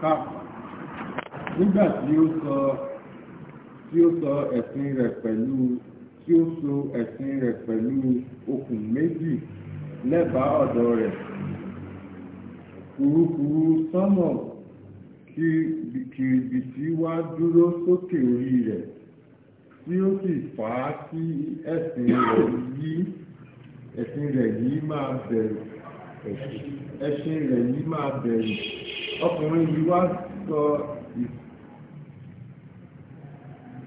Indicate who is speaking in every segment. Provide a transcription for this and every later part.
Speaker 1: ká nígbà tí ó sọ tí ó sọ ẹ̀sìn rẹ̀ pẹ̀lú tí ó so ẹ̀sìn rẹ̀ pẹ̀lú okùn méjì lẹ́bàá ọ̀dọ̀ rẹ̀ kùrukùru sọ́mọ̀ kìrìbìtì wá dúró sókè orí rẹ̀ tí ó sì fà á kí ẹ̀sìn rẹ̀ yí ẹ̀sìn rẹ̀ yí máa bẹ̀rù ẹ̀sìn rẹ̀ yí máa bẹ̀rù ọkùnrin yìí wá sọ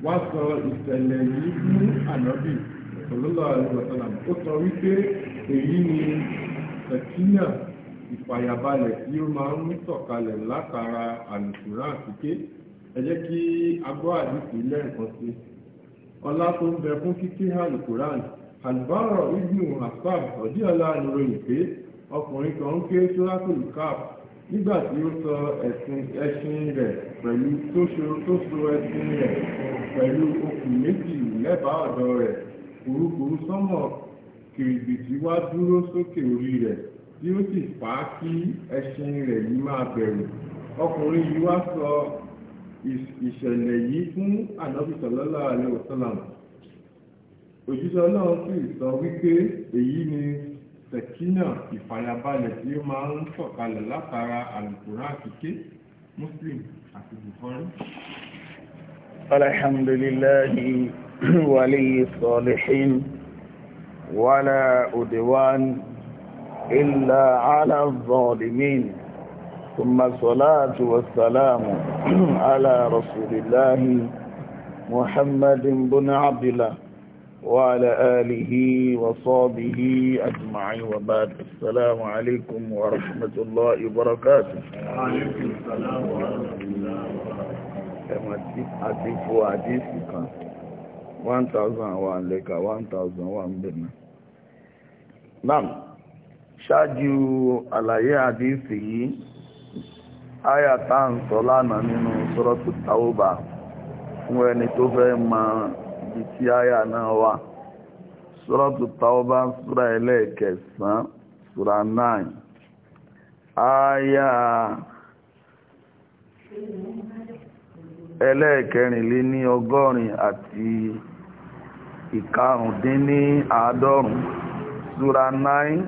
Speaker 1: wá sọ ìṣẹ̀lẹ̀ yìí ní ànábì ọlọ́lọ́ àlùbọ̀sọ̀là ó sọ wípé èyí ni ṣèkínà ìfàyàbalẹ̀ tí ó máa ń sọ̀kalẹ̀ látara àlùkùrá àtìké ẹ jẹ́ kí agbọ́ àdìsí lẹ́ẹ̀kan sí ọlá tó ń bẹ fún kíké àlùkùrá àlùbárọ̀ ibnu hasan ọ̀dí ọ̀la nìròyìn pé ọkùnrin kan ń ké sóràtò lùkáp nígbà tí ó sọ ẹṣin rẹ̀ pẹ̀lú tó so ẹṣin rẹ̀ pẹ̀lú okùn méjì lẹ́bàá ọ̀dọ̀ rẹ̀ kùrukùru sánmọ̀ kìrìbìtì wá dúró sókè orí rẹ̀ tí ó sì fà á kí ẹṣin rẹ̀ yìí máa bẹ̀rù ọkùnrin yìí wá sọ ìṣẹ̀lẹ̀ yìí fún ànábì sallallahu alaihi wasallam òjíṣẹ́ náà sì sọ wípé èyí ni sẹ̀kínà ìfàyàbalẹ̀ tí ó máa ń sọ̀kalẹ̀ látara àlùkùrá àkíké muslim àti bukhari.
Speaker 2: alhamdulillahi waliyi salihin wala udwan illa ala zalimin ثم الصلاة والسلام على رسول الله محمد بن عبد الله وعلى آله وصحبه أجمعين وبعد السلام عليكم ورحمة الله وبركاته وعليكم السلام ورحمة الله وبركاته àti fò àdísì kan 1001 lẹ́ka 1001 bẹ̀rẹ̀ náà ṣáájú àlàyé àdísì yìí áyà tá ń sọ lánàá nínú Suratul Tawbah fún ẹni tó fẹ́ máa ibi tí àyà náà wà sọ́rọ̀tù taoba súra ẹlẹ́ẹ̀kẹsàn súra 9 àyà ẹlẹ́ẹ̀kẹrìnlé ní ọgọ́rin àti ìkarùndín ní àádọ́rùn súra 9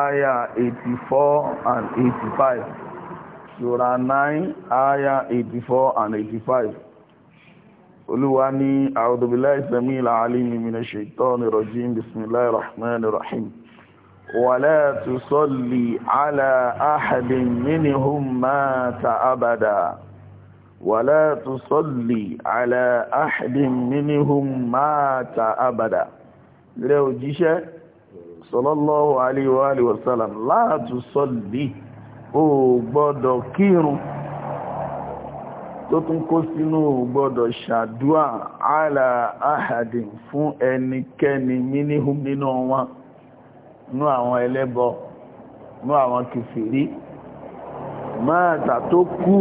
Speaker 2: àyà 84 and 85 súra 9 àyà 84 and 85 olúwa ní àwọ̀dọ̀bílá ìsẹ̀mí ìlàálìmí mi ní ṣètọ́nì rọ̀jí bismillah rahman rahim wàlá tó sọ́lì alá áhàdín minhum mata abada wàlá tó sọ́lì alá áhàdín minhum mata abada rẹ̀ òjíṣẹ́ sọlọ́lọ́wọ́ alíwá alíwá sálàm láàtú sọ́lì ó gbọ́dọ̀ kírun tó tún kó sínú gbọ́dọ̀ ṣàdúà àlà àhàdìn fún ẹnikẹ́ni mínihùn nínú wọn nú àwọn ẹlẹ́bọ nú àwọn kìfìrí mọ́ta tó kú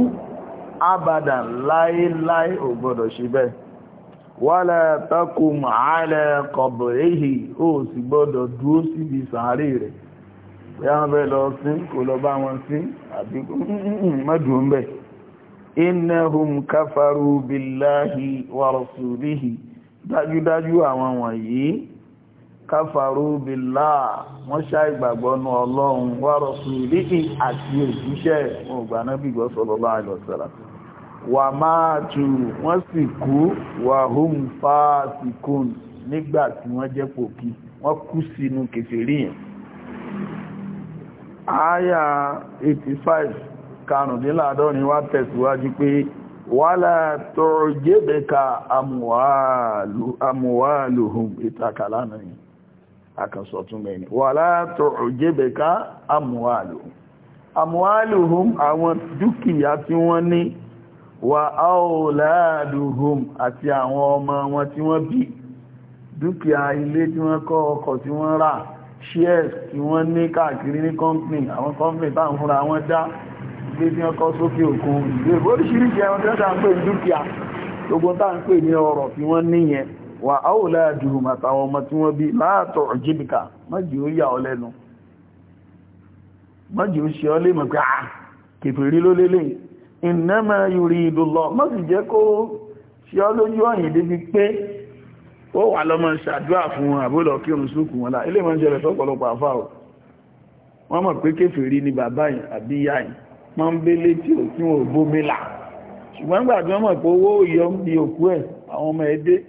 Speaker 2: abàdà láíláí ò gbọ́dọ̀ ṣe bẹ́ẹ̀ wala takum ala qabrihi ó sì gbọ́dọ̀ dúró síbi sàárè rẹ̀ pé àwọn bẹ́ẹ̀ lọ sí kò lọ bá wọn sí àbí mọ́dùn mm, mm, mm, bẹ́ẹ̀ innahum kafaru billahi wa rasulihi dájúdájú àwọn wọ̀nyí kafaru billah wọ́n ṣá ìgbàgbọ́ nú Ọlọ́run wa rasulihi àti òjíṣẹ́ wọn gbà náà bìgbọ́ sallallahu alaihi wasallam wa matu wọ́n sì kú wa hum fasikun nígbà tí wọ́n jẹ́ pòkì wọ́n kú sínú kèfèrí yẹn 85 karùndínláàdọ́rin wá tẹ̀síwájú pé wala tu'jibka amwaluhum ìtàkàlánà ni akànsọ̀tún mẹ́ni wala tu'jibka amwaluhum amwaluhum àwọn dúkìá tí wọ́n ní wa auladuhum àti àwọn ọmọ wọn tí wọ́n bí dúkìá ilé tí wọ́n kọ́ ọkọ̀ tí wọ́n rà shares tí wọ́n ní káàkiri ní company àwọn company táwọn fúnra wọn dá gbé ní ọkọ̀ sókè òkun ìgbé oríṣiríṣi ẹran tí wọ́n tàn pè ní dúkìá gbogbo tàn pè ní ọrọ̀ tí wọ́n níyẹn wà áwòláàdùhùn àtàwọn ọmọ tí wọ́n bí láàtọ̀ jìbìkà mọ́jì ó yà ọ lẹ́nu mọ́jì ó ṣe ọ lé mọ̀ pé à ah, kèfèrí ló lélẹ̀ ìnáma yorí ìdúlọ mọ́ sì jẹ́ kó ṣe wà lọ́mọ ṣàdúrà fún àbúlọ̀ kí òun sùkù wọn láà ilé ìmọ̀ jẹ́rẹ̀ tọ́pọ̀lọpọ̀ àfáà wọ́n mọ̀ pé kèfèrí ni bàbá yìí àbí yá yìí pọ́nbélé tí ò tí ò bómílà ṣùgbọ́n gbà tí wọ́n mọ̀ pé owó yọ ń bi òkú ẹ̀ àwọn ọmọ ẹdẹ́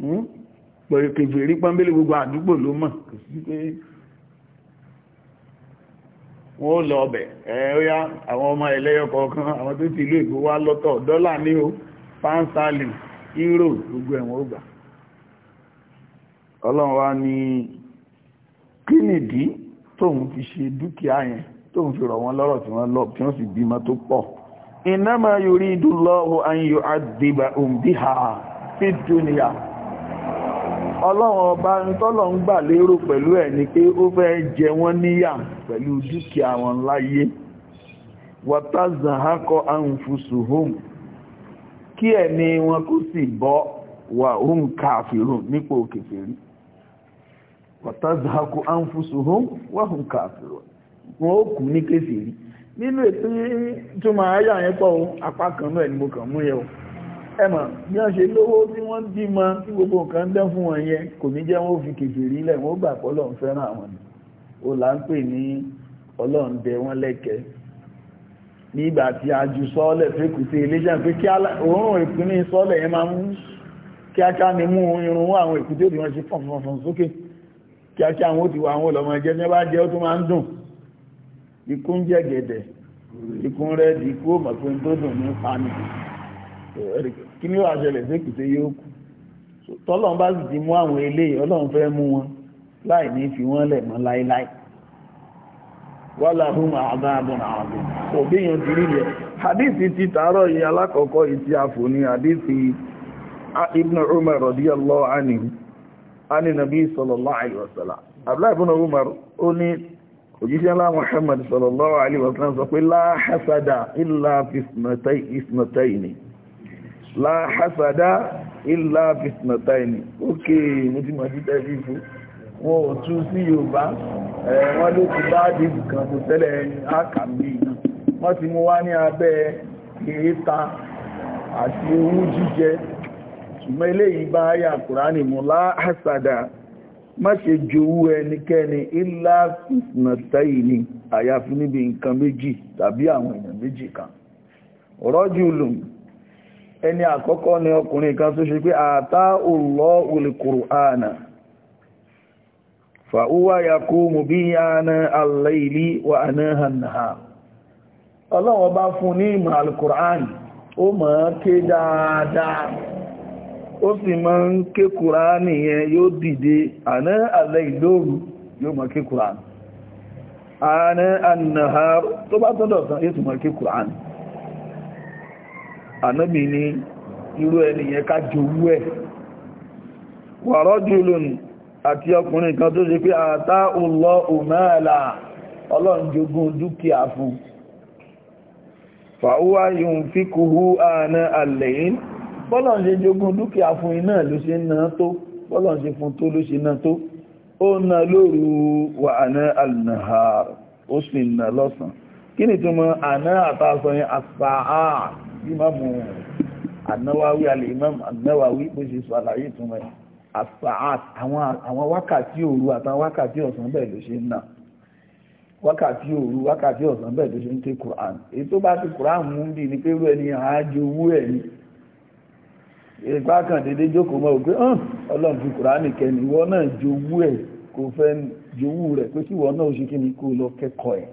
Speaker 2: hmm? pẹ̀lẹ̀kẹ̀fẹ̀ rí pọ́nbélé gbogbo àdúgbò ló mọ̀ wọ́n lọ ọbẹ̀ ẹ̀ẹ́yá àwọn ọmọ ẹlẹ́yọ kọ̀ọ̀kan àwọn tó ti ìlú èkó wá lọ́tọ̀ dọ́là ní o pánsálì euro gbogbo ẹ̀wọ̀n ó gbà ọlọ́run wá ní kí nìdí tóun fi ṣe dúkìá yẹn tó ń fi rọ̀ wọn lọ́rọ̀ tí wọ́n lọ tí wọ́n sì bímọ tó pọ̀ innama yuridullahu an yu'adhibahum biha fid dunya ọlọ́run ọba tọ́lọ̀ ń gbà lérò pẹ̀lú ẹ̀ ni pé ó fẹ́ jẹ wọ́n níyà pẹ̀lú dúkìá wọn láyé wàtázàhákọ anfusuhum kí ni wọn kó sì bọ́ wà hum kafirun nípò kèfèrí wàtázàhákọ anfusuhum wà hum kafirun wọn ó kú ní kèfèrí nínú ètò tó máa yà yẹn pọ̀ o apá kan náà ni mo kàn mú yẹ o ẹ mọ̀ bí wọ́n ṣe lówó tí wọ́n bímọ tí gbogbo nǹkan dán fún wọn yẹn kò ní jẹ́ wọn ó fi kèfèrí lẹ̀ wọ́n ó gbà pé Ọlọ́run fẹ́ràn àwọn ni o là ń pè ní Ọlọ́run dẹ wọ́n lẹ́kẹ̀ẹ́ nígbà tí a ju sọ́ọ́lẹ̀ fẹ́kùté iléṣẹ́ pé kí òórùn ìpínlẹ̀ sọ́ọ́lẹ̀ yẹn máa ń kíákíá ni mú irun wá àwọn èkúté òdì wọn ṣe fọ̀nfọ̀nfọ̀n sókè kíákíá àwọn ó ti wà àwọn ọlọ́mọ ẹjẹ́ ní bá jẹ́ ó tó máa ń dùn ikú ń jẹ́gẹ̀dẹ̀ ikú ń rẹ́ẹ̀dì ikú ó pé ń tó dùn ní pani kí ni wàá sí yóò kù bá sì ti mú àwọn eléyìí ọlọ́run fẹ́ mú wọn láì ní fi wọ́n lẹ̀ mọ́ láéláé wàhálà fún àbáàbọ̀n àbọ̀n òbí hadithi ti yìí àfòní ibn umar ani nabi abdullahi ibn umar òjíṣẹ́ ńlá Muhammad sallallahu alaihi wasallam sọ pé láhásádà ìlà fìsìnàtàìní láhásádà ìlà fìsìnàtàìní ókè mú ti màá títẹ́ fífú wọn ò tún sí Yorùbá wọ́n ló ti bá dìbò kan kò tẹ́lẹ̀ ákàmì wọ́n ti mú wá ní abẹ́ kìíta àti owú jíjẹ ṣùgbọ́n eléyìí bá yà Kùránì mú láhásádà má ṣe jowú ẹnikẹ́ni ilá fìsìnàtẹ́yì ni àyàfi níbi nǹkan méjì tàbí àwọn èèyàn méjì kan rọ́jú lùm ẹni àkọ́kọ́ ni ọkùnrin kan tó ṣe pé àtá òlọ́ olùkùrù àànà fàúwà yàkó mú bí àànà alẹ́ ilé wà ha hànàhà ọlọ́wọ́ bá fún ní ìmọ̀ alùkùrù àànì ó mọ̀ daa ó sì máa ń ké kùránì yẹn yóò dìde àná àlẹ́ ìlóòrù yóò máa ké kùránì àná ànàhàrù tó bá tọ́dọ̀ tán yóò tún máa ké kùránì ànábì ní irú ẹni yẹn ká jowú ẹ̀ wàrọ́jù àti ọkùnrin kan tó pé ọlọ́ òmẹ́ẹ̀lá dúkìá fún fàúwá bọ́lọ̀ ń ṣe jogún dúkìá fún iná ló ṣe ń náà tó bọ́lọ̀ ń ṣe fún tó ló ṣe náà tó ó na lóru wà àná àlùnàhà ó sì nà lọ́sàn kí ni túmọ̀ àná àtàsọ yẹn àsàá ìmáàmù ànáwáwí alẹ́ ìmáàmù ànáwáwí bó ṣe sọ àlàyé tó ṣe ń ké Quran èyí tó mú bí ni pé ipá kan dédé jókòó mọ́ òpé hàn ọlọ́run fi kùránì kẹni ìwọ náà jowú ẹ̀ kò fẹ́ jowú rẹ̀ pé kí ìwọ náà ó ṣe kí ni kó lọ kẹ́kọ̀ọ́ ẹ̀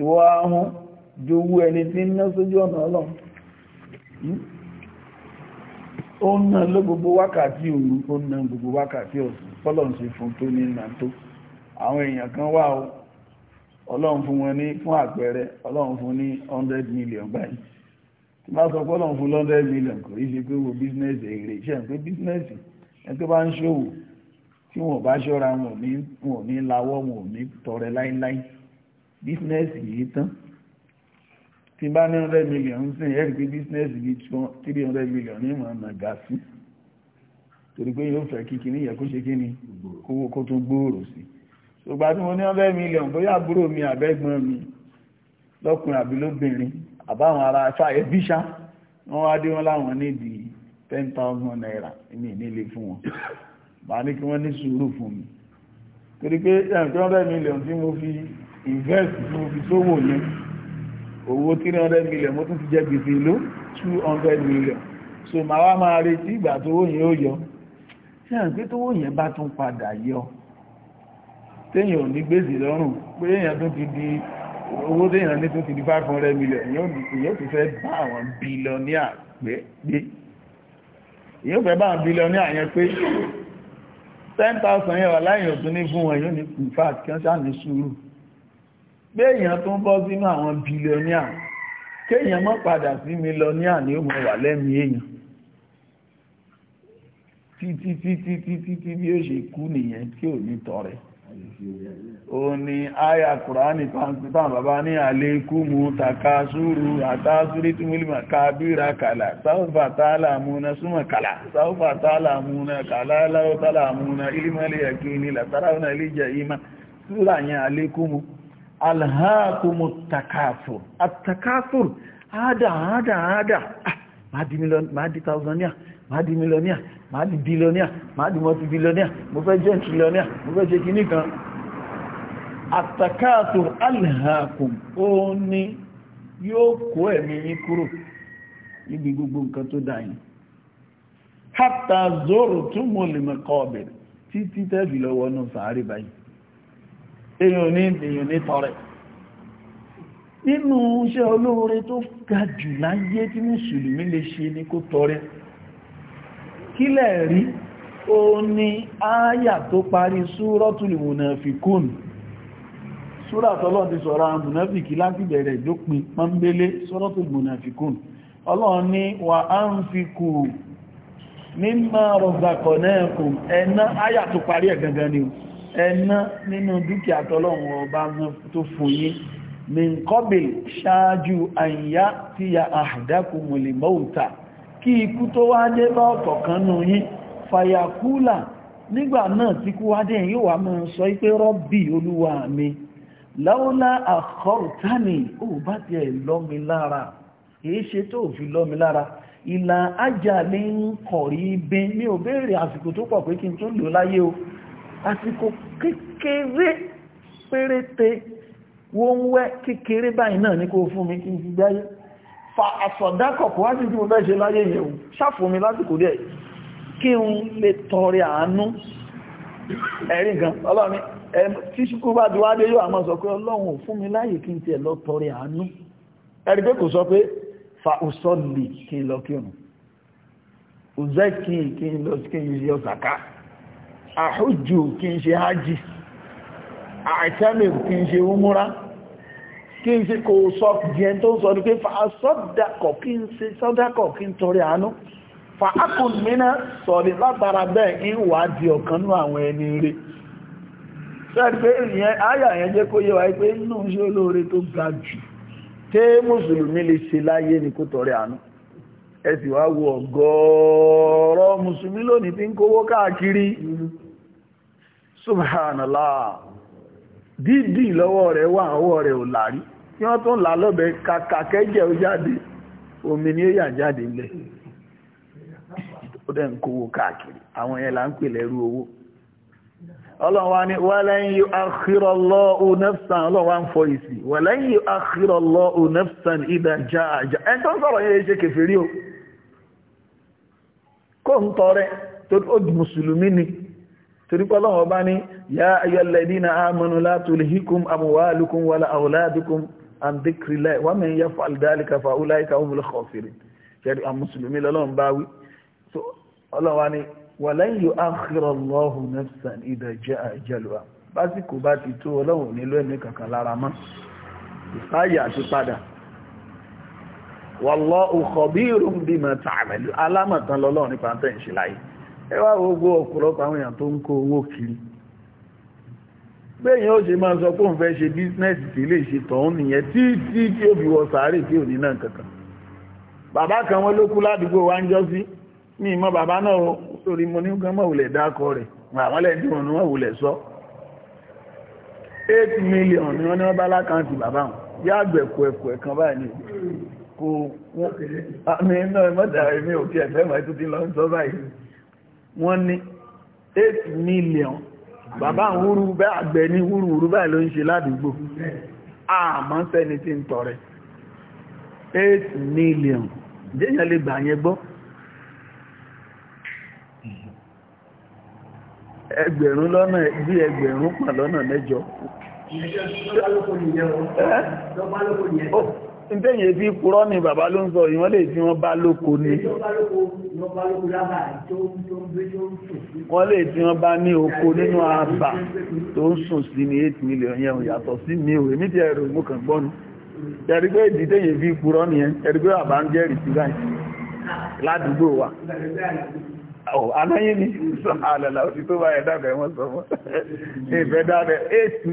Speaker 2: ìwọ ahun jowú ẹni tí ń ná sójú ọ̀nà ọlọ́run hmm? ó ń ná ló gbogbo wákàtí òru ó ń ná gbogbo wákàtí ọ̀sán fọ́lọ́run ṣe fún tó ní nà tó àwọn èèyàn kan wà ó ọlọ́run fún wọn ní fún àpẹẹrẹ ọlọ́run fún ní 100 million báyìí bá sọ pé ọlọ́run fún lọ́ndẹ̀ mílíọ̀n kò rí ṣe pé wo bísínẹ́sì èrè ṣe ń pé bísínẹ́sì ẹni tó bá ń ṣòwò tí wọn ò bá ṣọ́ra wọn ò ní lawọ́ wọn ní tọrẹ láíláí bísínẹ́sì yìí tán tí bá ní hundred million sí ẹ̀rí pé bísínẹ́sì bíi three hundred million ní ìmọ̀ nàgà sí torí pé yóò fẹ́ kí kíní yẹ kó ṣe kíní kówó kó tó gbòòrò sí ṣùgbọ́n tí mo ní hundred million bóyá àbúrò mi àbẹ́gbọ́n mi lọ́kùnrin àbí lóbìnrin àbáwọn ará fàyẹ bíṣá wọ́n wá dé wọ́n láwọn nídìí ten thousand naira èmi nílé fún wọn bá ní kí wọ́n ní sùúrù fún mi torí pé ẹ̀rùn tí wọ́n rẹ̀ mílíọ̀n tí mo fi invest tí mo fi sówò yẹn owó tí wọ́n rẹ̀ mílíọ̀n mo tún ti jẹ gbèsè ló two hundred million so màá wá máa retí ìgbà tówó yẹn ó yọ ṣé ẹ̀rùn pé tówó yẹn bá tún padà yọ téèyàn ò ní gbèsè lọ́rùn pé èèyàn tún ti di owó déyàn ní tún ti di five hundred million èyàn ti fẹ́ bá àwọn bílíọ̀níà pé gbé èyàn fẹ́ bá àwọn bílíọ̀níà yẹn pé ten thousand yẹn wà láyìn òtún ní fún wọn yóò ní in fact kí wọ́n ṣàní sùúrù pé èyàn tó ń bọ́ sínú àwọn bílíọ̀níà kéèyàn mọ́ padà sí mílíọ̀níà ni ó mọ̀ wà lẹ́mìí èyàn títí títí títí tí bí ó ṣe kú nìyẹn tí ò ní tọrẹ ó ní àyà kùránì tán bàbá ní àlékúmù takasúrù àtásúrí tí múlìmà kábíra kàlà sáúfà tààlà múna súnmà kàlà sáúfà tààlà múna kàlà láwọ́tààlà múna ilmọ̀lẹ̀ ẹ̀kí ní látàráwọn alíjà ìmá súrà yẹn àlékúmù alhákùmù takasúr àtakasúr àádà àádà àádà ah, máa di mílíọ̀nìyà máa di billionaire máa di multi billionaire mo fẹ́ jẹ́ trillionaire mo fẹ́ jẹ́ kìíní kan àtàkàtò alhakùn ó ní yóò kó ẹ̀mí yín kúrò níbi gbogbo nǹkan tó dáyìn hátà zoro tún mọ̀ lè mẹ́kọ́ ọ̀bẹ̀ títí tẹ́bì lọ́wọ́ náà sàárè báyìí èèyàn ní èèyàn ní tọrẹ nínú iṣẹ́ kílẹ̀ rí o ní ááyà tó parí súrọ́tùlù mùnàfikún súrà tọ́lọ́ ti sọ̀rọ̀ mùnàfikì láti bẹ̀rẹ̀ dópin pọ́nbélé súrọ́tùlù mùnàfikún ọlọ́run ní wà á ń fi kù mímọ̀ rọ̀gbàkọ̀ náà kù ẹ̀nà min kí ikú tó wá dé bá ọ̀tọ̀ kan nù yín fàyàkúlà nígbà náà tí kú wá dé yíò sọ rọ́bì olúwa mi láúlá àkọ́rùtánì ó bá ti ẹ̀ lọ́mi lára èé ṣe tó fi lọ́mi lára ìlà ajá lè ń kọ̀rí bí mi ò béèrè àsìkò tó pọ̀ pé kí n tó lò o àsìkò kékeré wọ́n wẹ́ kékeré báyìí náà ní kó fún mi kí n fi fa àsọ̀dákọ̀kọ̀ wá sí tí mo bẹ́ ṣe láyé yẹn o ṣàfùnmi lásìkò díẹ̀ kí n lè tọrẹ àánú ẹ̀rí gan ọlọ́ni tí ṣíkú bá ti wá dé yóò àmọ́ sọ pé ọlọ́run fún mi láyè kí n tiẹ̀ lọ tọrẹ àánú ẹ̀rí pé kò sọ pé fa òsọ́lì kí n lọ kírun òzẹ́ kí n kí n lọ kí n yọ zàká àhójù kí n ṣe hájì àìtẹ́mì kí n kí n ṣe kò sọ jẹun tó ń sọ ní pé fàásọ́dàkọ̀ kí n ṣe sọ́dàkọ̀ kí n torí àánú fàákùn mìíràn sọ̀rí látara bẹ́ẹ̀ ń wà di ọ̀kan ní àwọn ẹni rí sẹ́ẹ̀dì pé ìyẹn ayà yẹn jẹ́ kó yé wa pé inú ṣe olóore tó ga jù tí mùsùlùmí lè ṣe láyé ní kó tọrẹ àánú ẹ sì wá wo ọ̀gọ̀ọ̀rọ̀ mùsùlùmí lónìí tí ń kówó káàkiri subhanallah dídì lọ́wọ́ rẹ̀ wà ọwọ́ rẹ̀ ò lárí tí wọ́n tún là lọ́bẹ̀ kàkà kẹ́jẹ̀ ó jáde omi ni ó yà jáde ńlẹ̀ ó dẹ̀ ń kówó káàkiri àwọn yẹn là ń pè lẹ́rú owó ọlọ́run wa ni walan yu'akhirallahu nafsan mùsùlùmí ni torípọ́ lọ́wọ́ bá ní yá ayyalladhina amanu la tulhikum amwalukum wala auladukum an dhikrillah wa man yaf'al dhalika fa ulaika humul khasirin ṣẹ́rí àwọn mùsùlùmí lọ́lọ́run bá wí so ọlọ́wà ni walan yu'akhkhira Allahu nafsan idha ja'a ajaluha básìkò bá ti tó ọlọ́run nílò ẹ̀mí kankan lára mọ́ ìfáyà ti padà wallahu ẹ wá gbogbo ọ̀pọ̀lọpọ̀ àwọn èèyàn tó ń kó owó kiri bẹ́yìn ó ṣe máa sọ pé òun fẹ́ ṣe bísínẹ́sì tí lè ṣe tọ̀hún nìyẹn tí tí tí ó fi wọ sàárè tí ò ní náà kankan bàbá kan wọn ló ládùúgbò wa ń jọ sí ní ìmọ̀ bàbá náà sórí mo ní gan mọ̀wùlẹ̀ dákọ rẹ̀ àwọn lẹ́yìn tí wọ́n ní wọ́n wùlẹ̀ sọ eight million ni wọ́n ní wọ́n bá lákàntì bàbá wọn yá àgbẹ̀kù ẹ̀kù ẹ̀kan báyìí kò wọ́n àmì náà mọ́tàrí mi ò kí ẹ̀fẹ́ wọ́n ní 8 million bàbá wúrú bẹ́ àgbẹ̀ ní wúrú húrú báyìí ló ń ṣe ládùúgbò àmọ́ sẹ́ni tí ń tọrẹ 8 million jẹ́yàn lè gbà yẹn gbọ́ ẹgbẹ̀rún lọ́nà bí ẹgbẹ̀rún pà lọ́nà mẹ́jọ ìtẹ́yìn èdè kúrọ́ ni bàbá ló ń sọ ìwọ́n lè tí wọ́n bá lóko ní wọ́n lè tí wọ́n bá ní oko nínú àbà tó ń sùn sí ní 8 million yẹn yàtọ̀ sí mi ò èmi ti ẹ̀rọ ìmú kan gbọ́nu ẹ̀rí pé ìdítẹ́yìn èdè kúrọ́ ni ẹ̀rí pé bàbá ń jẹ́rìí sí wa aláyé ni sọ àlàlà òtítọ́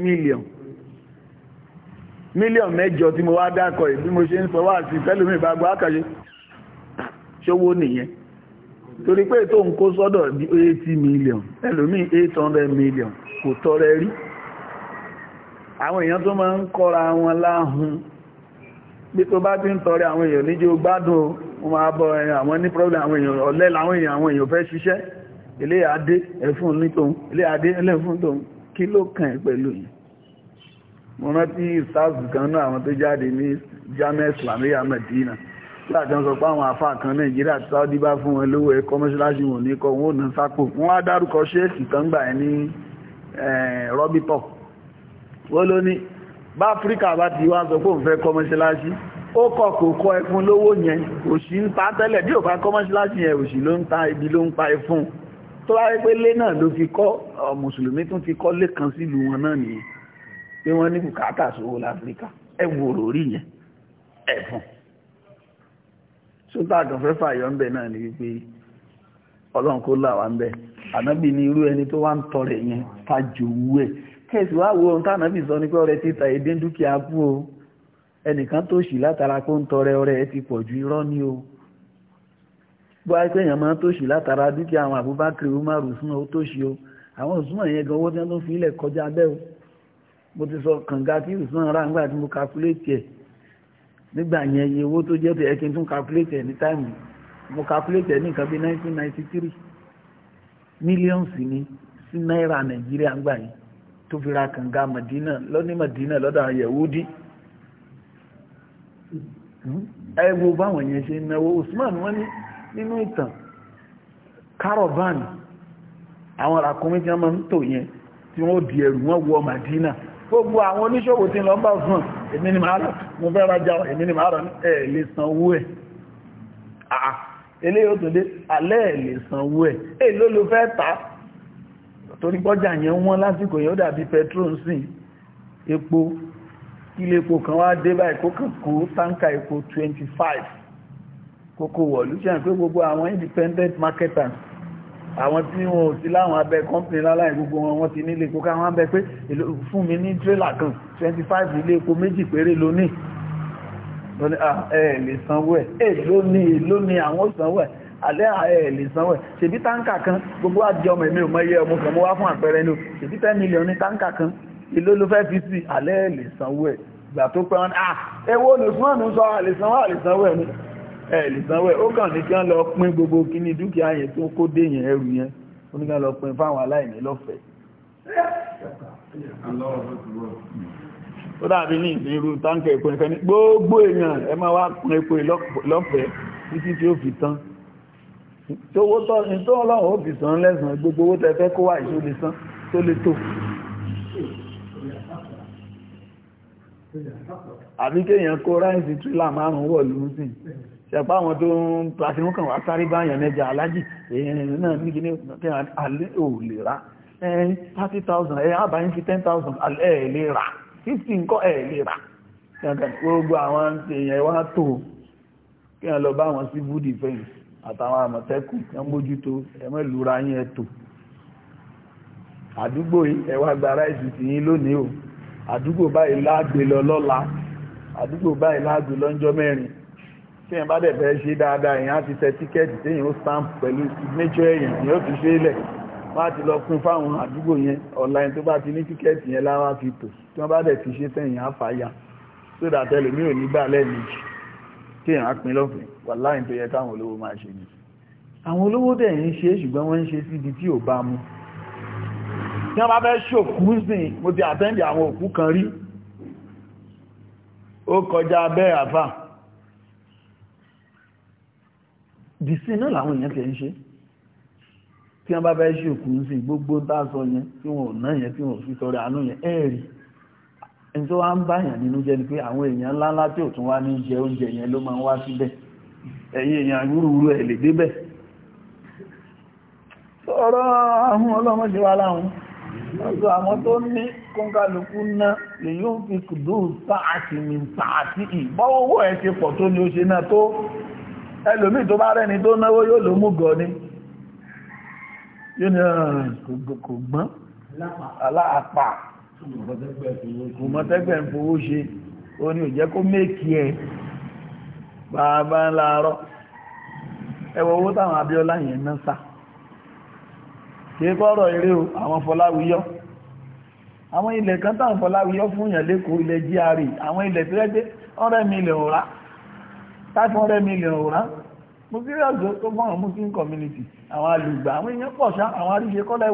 Speaker 2: million mílíọ̀n mẹ́jọ tí mo wá dákọ̀ ìbí mo ṣe ń sọ wá àti fẹ́lúmí ìbágbó ákàṣe ṣówó nìyẹn torí pé tó ń kó sọ́dọ̀ ní 80 million ẹlòmí 800 million kò tọrẹ rí àwọn èèyàn tó máa ń kọ́ra wọn láhun bí tó bá ti ń tọrẹ àwọn èèyàn níjó gbádùn wọn máa bọ eh, àwọn ní problem àwọn èèyàn ọ̀lẹ́ làwọn èèyàn àwọn èèyàn fẹ́ ṣiṣẹ́ ilé adé ẹ̀fún ní tòun ilé adé ẹlẹ́fún tòun kí ló kàn ẹ́ pẹ̀lú yìí mo rántí ìsáàsì kan náà àwọn tó jáde ní Jamia Islamiyya Medina láàjọ sọ pé àwọn àfáà kan Nàìjíríà tí Saudi bá fún wọn lówó ẹ̀kọ́ mọ́ṣáláṣí wọn ní kọ́ wọn ò ná sápò wọn á dárúkọ ṣéèkì kan gbà ẹ ní rọ́bítọ̀ wọ́n ló ní bá áfíríkà bá ti wá sọ pé òun fẹ́ kọ́ mọ́ṣáláṣí ó kọ̀ kò kọ́ ẹfun lówó yẹn òṣì ń ta tẹ́lẹ̀ bí ò bá kọ́ yẹn òṣì ló ń ta ibi ló ń pa ẹfun tó bá rí pé lé náà ló fi kọ́ mùsùlùmí tún ti kọ́ lé kan sílùú wọn náà nìyẹn pé wọ́n ní bùkátà sówó láfíríkà ẹ wòrò yẹn ẹ̀fọn sótà kan fẹ́ fàyọ ń bẹ náà wípé ọlọ́run kó là wá ń bẹ ànábì ní irú ẹni tó wá ń tọrẹ yẹn fàjòwú ẹ̀ kẹ́sì wá wo ohun tánàbì sọ ní pé ọrẹ títà èdè dúkìá kú o ẹnìkan tó látara kó ń tọrẹ ọrẹ ẹ ti pọ̀ ju irọ́ ni o bó a pé èèyàn máa tó látara dúkìá àwọn sún tó o àwọn yẹn gan owó tí wọ́n tó fi ilẹ̀ kọjá bẹ́ẹ̀ mo ti sọ kànga tí usman ra nígbà tí mo calculate ẹ̀ nígbà yẹn iye owó tó jẹ́ ẹ̀ kí n tún calculate ẹ̀ ní táìmù mo calculate ẹ̀ ní nǹkan bí 1993 millions ni sí náírà nàìjíríà ń gbà yìí tó fi ra kànga madina lọ́ní madina lọ́dọ̀ àwọn yẹ̀wúdí ẹ wo báwọn yẹn ṣe náwó usman wọ́n ní nínú ìtàn caravan àwọn ràkúnmí tí wọ́n máa ń tò yẹn tí wọ́n di ẹrù wọ́n wọ madina gbogbo àwọn oníṣòwò tí lọ bá fún èmi ni màárà mo fẹ́ rajà èmi ni màárà ẹ̀ lè sanwó ẹ̀ àà ilé yóò tó dé alẹ́ ẹ̀ lè sanwó ẹ̀ èyí ló ló fẹ́ tà torí pọ́jà yẹn wọ́n lásìkò yẹn dàbí petrol sí epo ilé epo kan wá dé báyìí kó kàn kó táǹkà epo 25 kókó wọ̀lú ṣe àpé gbogbo àwọn independent marketers àwọn tí wọn ò sí láwọn abẹ́ kọ́mpìnì láláì gbogbo wọn wọ́n ti nílé epo káwọn abẹ́ pé fún mi ní tírélà kan 25 ilé epo méjì péré lónìí ah, ẹ̀ẹ̀lì sanwó ẹ̀ èló ni èló ni àwọn sanwó ẹ̀ alẹ́ ah, ẹ̀ẹ̀lì sanwó ẹ̀ ṣèbí táǹkà kan gbogbo àjọ ọmọ èmi ò mọ iye ọmọ kan mo wá fún àpẹẹrẹ ní o ṣèbí 10 million ní táǹkà kan èló ló fẹ́ fi sí alẹ́ ẹ̀ẹ̀lì sanwó ẹ̀ gbà tó ah ẹwọ́ olùsùnmọ́nù sọ àlè sanwó àlè sanwó ẹ̀ ẹ̀lìsánwẹ̀ ó kàn ní kí wọ́n lọ pín gbogbo kí ní dúkìá yẹn tó kó dé yẹn ẹrù yẹn ó ní kí wọ́n lọ pín fáwọn aláìní lọ́fẹ̀ẹ́ ó dàbí ní ìrú táǹkì epo ìfẹ́ ní gbogbo èèyàn ẹ máa wá pín epo lọ́fẹ̀ẹ́ títí tí ó fi tán tówó tọ́ ní tó ọlọ́run ó fi san lẹ́sàn gbogbo owó tẹ fẹ́ kó wà ìṣó lè san tó lè tó àbí kéèyàn kó ráìsì trílà márùn-ún wọ̀ lóhùn sí ṣẹ̀pá àwọn tó ń pàtí wọ́n kàn wá sáré báyàn mẹ́jà alájì èèyàn náà ní kí ní alẹ́ ò lè rà ẹ̀yìn 30,000 ẹ̀yà àbáyín fi 10,000 alẹ́ lè rà 15 kọ́ ẹ̀ lè rà gbogbo àwọn èèyàn wá tó kí wọ́n lọ bá wọn civil defense àtàwọn àmọ̀tẹ́kùn kan mójútó ẹ̀mọ́ ìlúra yín ẹ̀ tó àdúgbò ẹ̀wà gbàrá ìsìtì yín lónìí o àdúgbò báyìí láàgbé lọ lọ́la àdúgbò báyìí láàgbé lọ́jọ́ mẹ́rin tí ẹ̀ bá dẹ̀ fẹ́ ṣe dáadáa èèyàn ti tẹ tíkẹ́ẹ̀tì téèyàn ó stamp pẹ̀lú signature èèyàn ni ó ti ṣe ilẹ̀ wọ́n á ti lọ pín fáwọn àdúgbò yẹn online tó bá ti ní tíkẹ́ẹ̀tì yẹn láwá fi tò tí wọ́n bá dẹ̀ ti ṣe tẹ̀yìn àfàyà sódà tẹ́lẹ̀ mi ò ní gbà lẹ́ẹ̀mejì téèyàn á pín lọ́fẹ̀ẹ́ wà láì tó yẹ káwọn olówó máa ṣe ni àwọn olówó dẹ̀ ń ṣe ṣùgbọ́n wọ́n ń ṣe síbi tí ò bá mu tí wọ́n bá fẹ́ ṣòkú sìn mo ti àtẹ́ǹdì àwọn òkú kan rí ó kọjá bẹ́ẹ̀ àfà dìsí náà làwọn èèyàn tẹ̀ ń ṣe tí wọ́n bá fẹ́ ṣe òkú sí gbogbo dáàsọ yẹn tí wọ́n ò ná yẹn tí wọ́n ò fi tọrẹ àánú yẹn ẹ̀rì ẹni tó wá ń báyàn nínú jẹ́ ni pé àwọn èèyàn ńláńlá tí ò tún wá ní jẹ oúnjẹ yẹn ló máa ń wá síbẹ̀ ẹ̀yin èèyàn wúruwúru ẹ̀ lè débẹ̀ ọ̀rọ̀ ahun ọlọ́mọdé wa láhun ọjọ́ àwọn tó ní kọ́ńkálukú ná lè yóò fi kùdó sáàtì mi sáàtì ì ẹ̀ ṣe pọ̀ tó ni ó ṣe náà tó ẹlòmí tó bá rẹni tó náwó yóò ló mú gọ ní yóò ní ah, kò gbọ́n aláàpá kò mọ́tẹ́gbẹ̀ ń fowó ṣe ó ní òjẹ́ kó méèkì ẹ̀ bàbá ń láàárọ̀ ẹwọ owó táwọn Abíọ́lá yẹn náà sá kìí kọ́rọ̀ eré o àwọn Fọláwíyọ́ àwọn ilẹ̀ kan táwọn Fọláwíyọ́ fún ìyàn ilẹ̀ GRA àwọn ilẹ̀ tó rẹ́ mi ilẹ̀ ọ̀rá five hundred million òrán tó muslim community àwọn alùgbà àwọn èèyàn pọ̀ àwọn àríṣe kọ́lá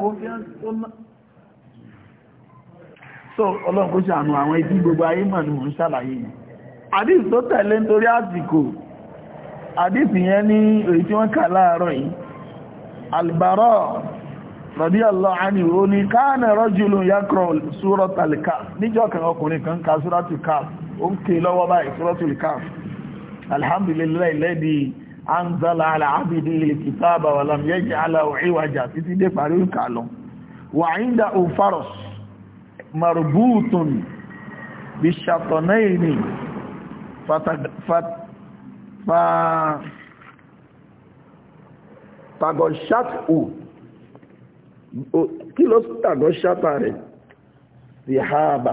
Speaker 2: tó ná so ọlọ́run kó àwọn ibi gbogbo ayé mọ̀ ní mọ̀ ń ṣàlàyé yìí tó tẹ̀lé nítorí àsìkò yẹn ní èyí tí wọ́n kà láàárọ̀ yìí albaro rọ̀dí ní káàna rọ́jùlù kan ọkùnrin kan súrọ̀tù ó ń ké lọ́wọ́ báyìí súrọ̀tù alhamdulillahi alladhi anzala ala abdihi alkitaba wa lam yaj'al lahu 'iwaja títí dé parí ìkàlọ́ wa 'indahu faras
Speaker 1: marbutun
Speaker 2: bishatanayni fàtàgọ̀ṣàtò kí ló tàgọ̀ṣàtà rẹ̀ sí haaba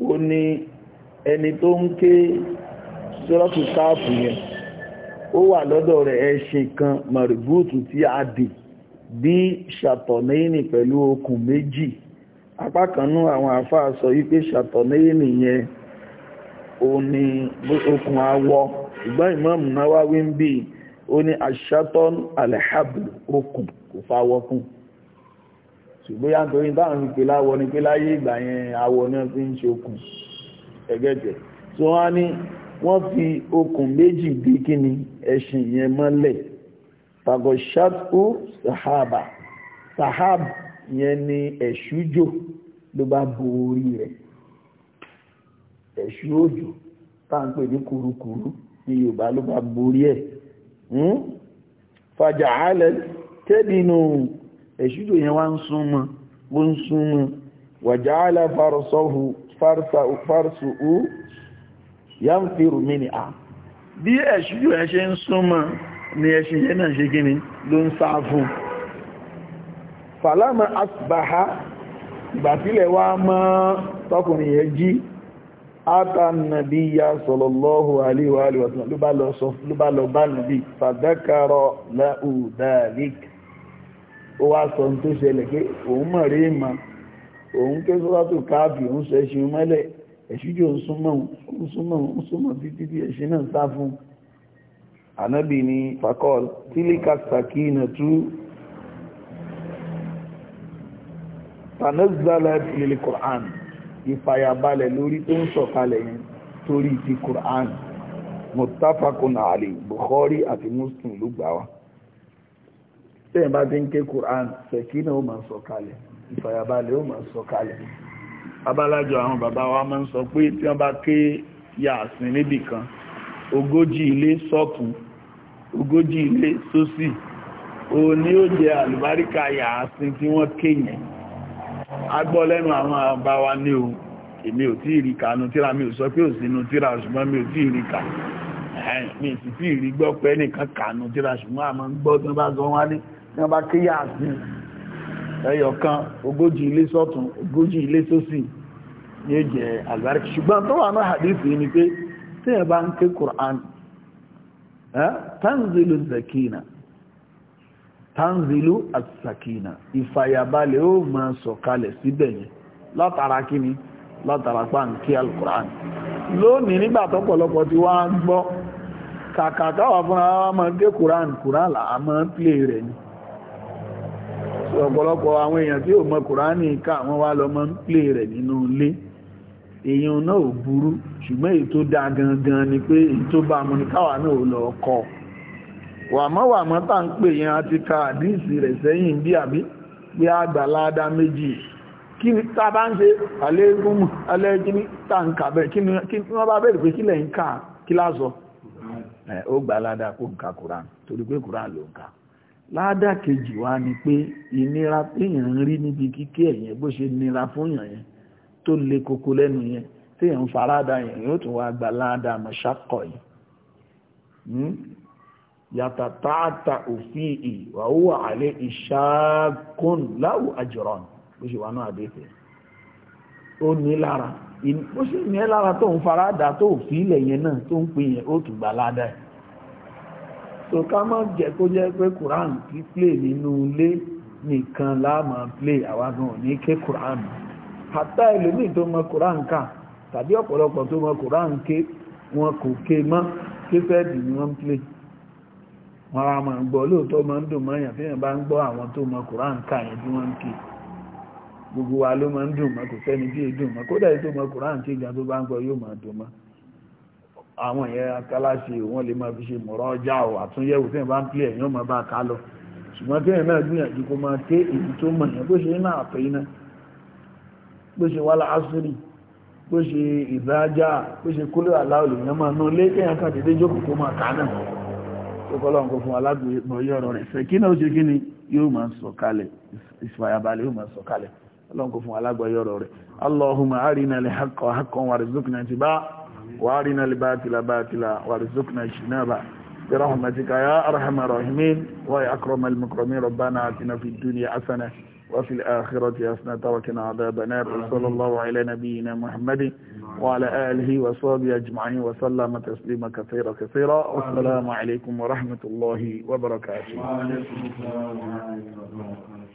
Speaker 2: ó ní ẹni tó ń ké sọ́rọ́tù káàpù yẹn ó wà lọ́dọ̀ rẹ̀ ẹṣin kan maribúùtù tí a dì bí ṣàtọ̀nẹ́yìnì pẹ̀lú okùn méjì apá kanú àwọn àfáà sọ wípé ṣàtọ̀nẹ́yìnì yẹn ó ní okùn awọ ṣùgbọ́n ìmọ̀mù náà wá wí ń bì ó ní aṣátọ́n alẹ́hàbùlù okùn kò fáwọ́ kún ṣùgbọ́n yá nítorí táwọn fi pè láwọ ni pé láyé ìgbà yẹn awọ náà fi ń ṣokùn ẹgẹ́jẹ̀ tí wọ́n á ní wọ́n fi okùn méjì dé kíni ẹṣin yẹn mọ́lẹ̀ fagọ̀ṣàtú sahaba sahab yẹn ni ẹ̀ṣújò ló bá bo orí rẹ̀ ẹ̀ṣú òjò tá à ń pè ní kurukuru ni yorùbá ló bá borí ẹ̀ hmm? fàjà alẹ́ tẹ́bínú ẹ̀ṣújò yẹn wá ń súnmọ́ bó ń súnmọ́ wàjà alẹ́ fàrọ̀sọ́hù fàrṣù yà ń fi rùmí ni à bí ẹ̀ṣù ẹ̀ ṣe ń súnmọ́ ni ẹ̀ṣin yẹn náà ṣe gíní ló ń sá fún fàlámà asbáhá ìgbàtílẹ̀ wá mọ́ tọkùnrin yẹn jí átànàbíyà sọ̀lọ̀lọ́hù aléwà ló bá lọ sọ ẹ̀ṣíjò ń súnmọ́ ń súnmọ́ ń súnmọ́ títí tí ẹ̀ṣin náà sá fún ànábì ní fakọ́l tílíkà sàkínà tú tanazzala lil Qur'an ìfàyàbalẹ̀ lórí tó ń sọ̀kalẹ̀ yẹn torí ti Qur'an muttafaqun alayhi Bukhari àti Muslim ló gbà wá tẹ́yìn Qur'an sẹ̀kínà ó máa sọ̀kalẹ̀ ìfàyàbalẹ̀ ó máa sọ̀kalẹ̀ babalájọ àwọn bàbá wa máa ń sọ pé tí wọ́n bá ké yàásìn níbì kan ogójì ilé sọ́tún ogójì ilé sósì o ní ó jẹ àlùbáríkà yàásìn tí wọ́n ké yẹn agbọ́ lẹ́nu àwọn bàbá wa ní o èmi ò tí ìrìkà nu tíra mi ò sọ pé ò sínú tíra ṣùgbọ́n mi ò tí ìrìkà mi sì tí ìrí gbọ́ pé nìkan kà nu ṣùgbọ́n àmọ́ gbọ́ tí wọ́n bá sọ wọ́n á ní tí wọ́n bá ké yàásìn ẹyọkan ogójì ilé sọ́tún ogójì ilé sósì ní ó jẹ àgbárí ṣùgbọ́n tó wà náà hadithi ni pé tí ẹ bá ń ké Qur'an tanzilu zakina tanzilu asakina ìfàyàbalẹ̀ ó máa sọ̀kalẹ̀ síbẹ̀ yẹn látara kíni látara pa ń ké al-Qur'an lónìí nígbà tọ́pọ̀lọpọ̀ tí wọ́n á gbọ́ kàkàkà wà fúnra wọn máa ké Qur'an Qur'an là á máa ń rẹ̀ ni ọ̀pọ̀lọpọ̀ àwọn èèyàn tí ò mọ kùránì ká àwọn wá lọ mọ́ ń plé rẹ̀ nínú ilé èèyàn náà ò burú ṣùgbọ́n èyí tó dáa gangan ni pé èyí tó bá mu ni káwa náà ò lọ kọ́ wàmọ́wàmọ́ tá ń pè yẹn àti ka àdíìsì rẹ̀ sẹ́yìn bí àbí pé àgbàláadá méjì kí ni tá bá ń ṣe àlẹ́gúnmù alẹ́gíní tá ń kà bẹ́ẹ̀ kí ni wọ́n bá bẹ̀rẹ̀ pé kílẹ̀ ń kà kí lásọ ó gbàláadá kó ń ka kùrán torí pé kùrán ló ń kà ládà kejì wá ni pé ìnira téèyàn ń rí níbi kíkẹ́ ẹ̀yẹn bó ṣe nira fún yàn yẹn tó le koko lẹ́nu yẹn téèyàn ń faradà yẹn yóò tún wá gba ládà mọ̀ṣákọ̀ yìí hmm? yàtà táàtà òfin ìwà ó wà alẹ́ ìṣàkóhùn láwù àjọrọ̀ bó ṣe wà náà àdéhùn ó ní lára bó ṣe ní lára tó ń faradà tó fi ilẹ̀ yẹn náà tó ń pè yẹn ó tún gba ládà yẹn. so ká má jẹ́ kó jẹ́ pé quran ti play nínú ilé nìkan láàmà play àwa gan ní ké quran àtà ẹlòmíì tó mọ quran kà tàbí ọ̀pọ̀lọpọ̀ tó mọ quran ké wọn kò ké mọ́ kéfẹ́ẹ̀dì ni wọ́n play wọn a máa gbọ́ lóòótọ́ máa ń dùn mọ́yàn tí wọ́n bá ń gbọ́ àwọn tó mọ quran kà yẹn tí wọ́n ń ké gbogbo wa ló máa ń dùn mọ́ kò sẹ́ni bí èdùn mọ́ kódà ètò mọ quran tó bá ń gbọ́ àwọn ìyẹn akálàṣe wọ́n lè máa fi ṣe mọ̀rọ̀ ọjà ò àtúnyẹ̀wò tí wọ́n bá ń pílẹ̀ èèyàn máa bá a ká lọ ṣùgbọ́n tí èèyàn náà gbìyànjú kó máa ké èyí tó mọ̀ yẹn bó ṣe iná àtọ̀ iná bó ṣe wálá asiri bó ṣe ìdájá bó ṣe kólé aláwòlè yẹn máa ná lé kéèyàn kan dédé jókòó kó máa ká náà tó kọ́lọ́ nǹkan fún alágbèéyọ̀ rẹ̀ fẹ́ kí náà ó ṣe kí وارنا الباطل باطلا وارزقنا اجتنابه برحمتك يا ارحم الراحمين ويا اكرم المكرمين ربنا اتنا في الدنيا حسنه وفي الآخرة حسنة تركنا عذاب نار وصلى الله على نبينا محمد وعلى آله وصحبه أجمعين وسلم تسليما كثيرا كثيرا والسلام عليكم ورحمه الله وبركاته وعليكم
Speaker 1: السلام ورحمة الله وبركاته